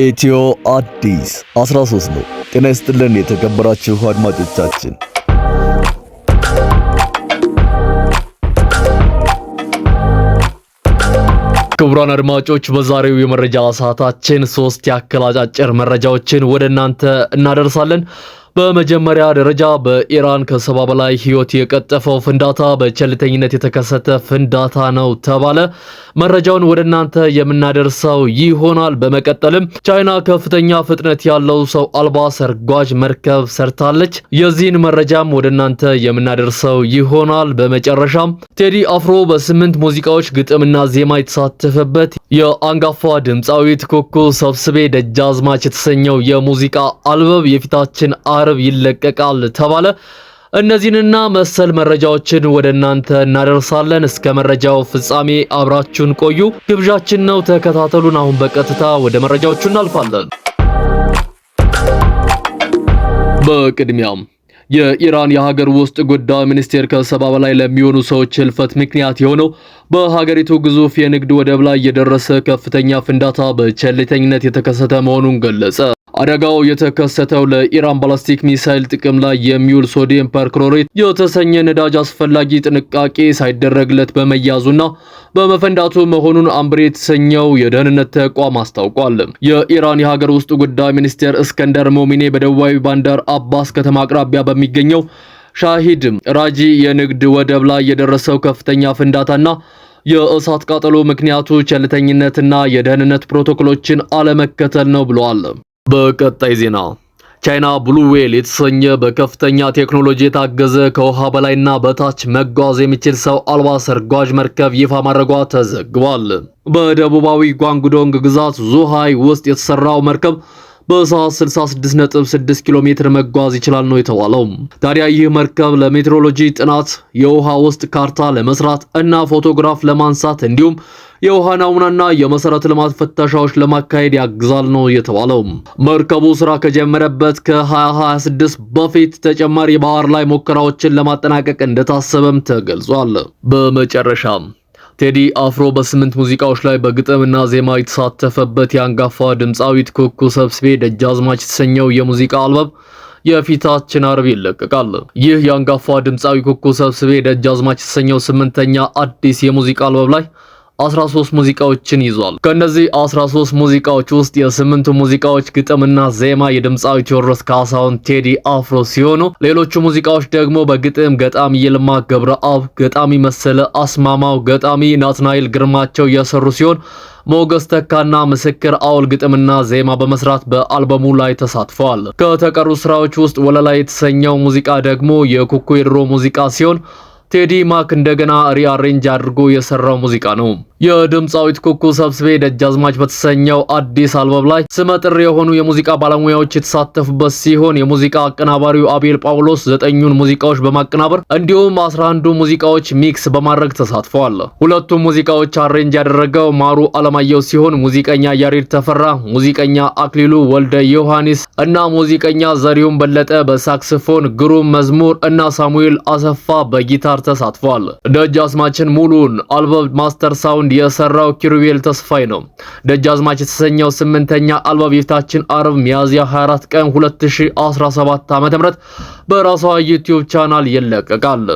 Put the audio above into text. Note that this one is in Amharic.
ኢትዮ አዲስ 13 ነው። ጤና ይስጥልን የተከበራችሁ አድማጮቻችን። ክቡራን አድማጮች በዛሬው የመረጃ ሰዓታችን ሶስት ያክል አጫጭር መረጃዎችን ወደ እናንተ እናደርሳለን። በመጀመሪያ ደረጃ በኢራን ከሰባ በላይ ህይወት የቀጠፈው ፍንዳታ በቸልተኝነት የተከሰተ ፍንዳታ ነው ተባለ። መረጃውን ወደ እናንተ የምናደርሰው ይሆናል። በመቀጠልም ቻይና ከፍተኛ ፍጥነት ያለው ሰው አልባ ሰርጓጅ መርከብ ሰርታለች። የዚህን መረጃም ወደ እናንተ የምናደርሰው ይሆናል። በመጨረሻም ቴዲ አፍሮ በስምንት ሙዚቃዎች ግጥምና ዜማ የተሳተፈበት የአንጋፋ ድምፃዊት ኩኩ ሰብስቤ ደጃዝማች የተሰኘው የሙዚቃ አልበም የፊታችን አ አርብ ይለቀቃል ተባለ። እነዚህንና መሰል መረጃዎችን ወደ እናንተ እናደርሳለን። እስከ መረጃው ፍጻሜ አብራችሁን ቆዩ ግብዣችን ነው። ተከታተሉን። አሁን በቀጥታ ወደ መረጃዎቹ እናልፋለን። በቅድሚያም የኢራን የሀገር ውስጥ ጉዳይ ሚኒስቴር ከሰባ በላይ ለሚሆኑ ሰዎች ህልፈት ምክንያት የሆነው በሀገሪቱ ግዙፍ የንግድ ወደብ ላይ የደረሰ ከፍተኛ ፍንዳታ በቸልተኝነት የተከሰተ መሆኑን ገለጸ። አደጋው የተከሰተው ለኢራን ባላስቲክ ሚሳይል ጥቅም ላይ የሚውል ሶዲየም ፐርክሎሬት የተሰኘ ነዳጅ አስፈላጊ ጥንቃቄ ሳይደረግለት በመያዙና በመፈንዳቱ መሆኑን አምብሬ የተሰኘው የደህንነት ተቋም አስታውቋል። የኢራን የሀገር ውስጥ ጉዳይ ሚኒስቴር እስከንደር ሞሚኔ በደቡባዊ ባንደር አባስ ከተማ አቅራቢያ በሚገኘው ሻሂድ ራጂ የንግድ ወደብ ላይ የደረሰው ከፍተኛ ፍንዳታና የእሳት ቃጠሎ ምክንያቱ ቸልተኝነትና የደህንነት ፕሮቶኮሎችን አለመከተል ነው ብለዋል። በቀጣይ ዜና ቻይና ብሉ ዌል የተሰኘ በከፍተኛ ቴክኖሎጂ የታገዘ ከውሃ በላይና በታች መጓዝ የሚችል ሰው አልባ ሰርጓጅ መርከብ ይፋ ማድረጓ ተዘግቧል። በደቡባዊ ጓንጉዶንግ ግዛት ዙሃይ ውስጥ የተሰራው መርከብ በሰዓት 66.6 ኪሎ ሜትር መጓዝ ይችላል ነው የተባለው። ታዲያ ይህ መርከብ ለሜትሮሎጂ ጥናት፣ የውሃ ውስጥ ካርታ ለመስራት እና ፎቶግራፍ ለማንሳት እንዲሁም የውሃ ናሙናና የመሰረተ ልማት ፍተሻዎች ለማካሄድ ያግዛል ነው የተባለው። መርከቡ ስራ ከጀመረበት ከ2026 በፊት ተጨማሪ ባህር ላይ ሙከራዎችን ለማጠናቀቅ እንደታሰበም ተገልጿል። በመጨረሻም ቴዲ አፍሮ በስምንት ሙዚቃዎች ላይ በግጥምና ዜማ የተሳተፈበት የአንጋፋ ድምፃዊት ኩኩ ሰብስቤ ደጃዝማች የተሰኘው የሙዚቃ አልበም የፊታችን አርብ ይለቀቃል። ይህ የአንጋፋ ድምፃዊ ኩኩ ሰብስቤ ደጃዝማች የተሰኘው ስምንተኛ አዲስ የሙዚቃ አልበም ላይ 13 ሙዚቃዎችን ይዟል። ከእነዚህ 13 ሙዚቃዎች ውስጥ የስምንቱ ሙዚቃዎች ግጥምና ዜማ የድምፃዊ ቴዎድሮስ ካሳሁን ቴዲ አፍሮ ሲሆኑ ሌሎቹ ሙዚቃዎች ደግሞ በግጥም ገጣሚ ይልማ ገብረአብ፣ ገጣሚ መሰለ አስማማው፣ ገጣሚ ናትናኤል ግርማቸው የሰሩ ሲሆን ሞገስ ተካና ምስክር አውል ግጥምና ዜማ በመስራት በአልበሙ ላይ ተሳትፈዋል። ከተቀሩ ስራዎች ውስጥ ወለላ የተሰኘው ሙዚቃ ደግሞ የኩኩ የድሮ ሙዚቃ ሲሆን ቴዲ ማክ እንደገና ሪአሬንጅ አድርጎ የሰራው ሙዚቃ ነው። የድምፃዊት ኩኩ ሰብስቤ ደጃዝማች በተሰኘው አዲስ አልበም ላይ ስመጥር የሆኑ የሙዚቃ ባለሙያዎች የተሳተፉበት ሲሆን የሙዚቃ አቀናባሪው አቤል ጳውሎስ ዘጠኙን ሙዚቃዎች በማቀናበር እንዲሁም አስራ አንዱ ሙዚቃዎች ሚክስ በማድረግ ተሳትፈዋል። ሁለቱም ሙዚቃዎች አሬንጅ ያደረገው ማሩ አለማየሁ ሲሆን ሙዚቀኛ ያሬድ ተፈራ፣ ሙዚቀኛ አክሊሉ ወልደ ዮሐንስ እና ሙዚቀኛ ዘሪሁን በለጠ በሳክስፎን፣ ግሩም መዝሙር እና ሳሙኤል አሰፋ በጊታር ተሳትፈዋል። ደጃዝማችን ሙሉን አልበም ማስተር ሳውንድ የሰራው ኪሩቤል ተስፋይ ነው። ደጃዝማች የተሰኘው ስምንተኛ አልበም የፊታችን አርብ ሚያዝያ 24 ቀን 2017 ዓ.ም በራሷ ዩቲዩብ ቻናል ይለቀቃል።